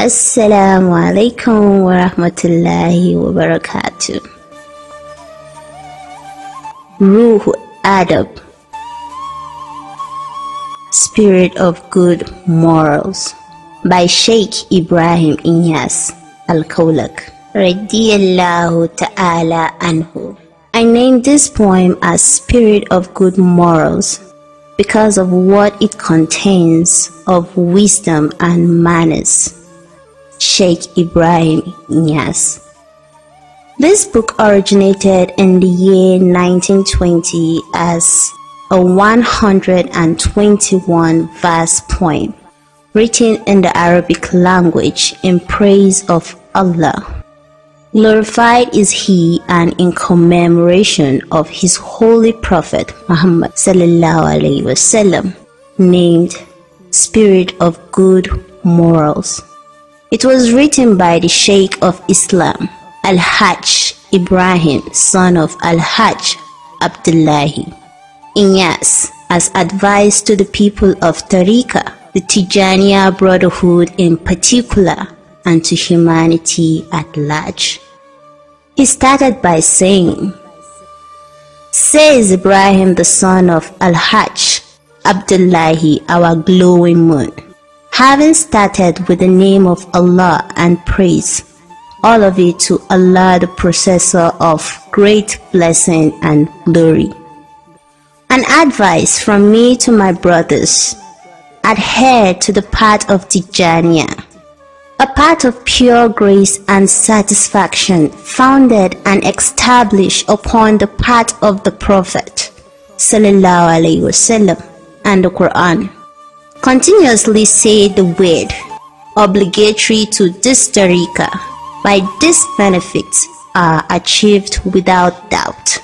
Assalamu alaikum wa rahmatullahi wa barakatuh. Ruh Adab Spirit of Good Morals by Sheikh Ibrahim Inyas Al Kaulak Radiallahu Ta'ala Anhu. I named this poem as Spirit of Good Morals because of what it contains of wisdom and manners. Sheikh Ibrahim Nias. This book originated in the year 1920 as a 121 verse poem written in the Arabic language in praise of Allah. Glorified is He and in commemoration of His holy Prophet Muhammad wasallam, named Spirit of Good Morals. It was written by the Sheikh of Islam, Al-Hajj Ibrahim, son of Al-Hajj Abdullahi. Inyas, as advice to the people of Tariqa, the Tijaniya Brotherhood in particular, and to humanity at large. He started by saying, Says Ibrahim the son of Al-Hajj, Abdullahi our glowing moon having started with the name of Allah and praise, all of it to Allah the possessor of great blessing and glory. An advice from me to my brothers, adhere to the path of Tijaniya, a path of pure grace and satisfaction founded and established upon the path of the Prophet Sallallahu Wasallam and the Quran. Continuously say the word obligatory to dysterica. By this benefits are achieved without doubt.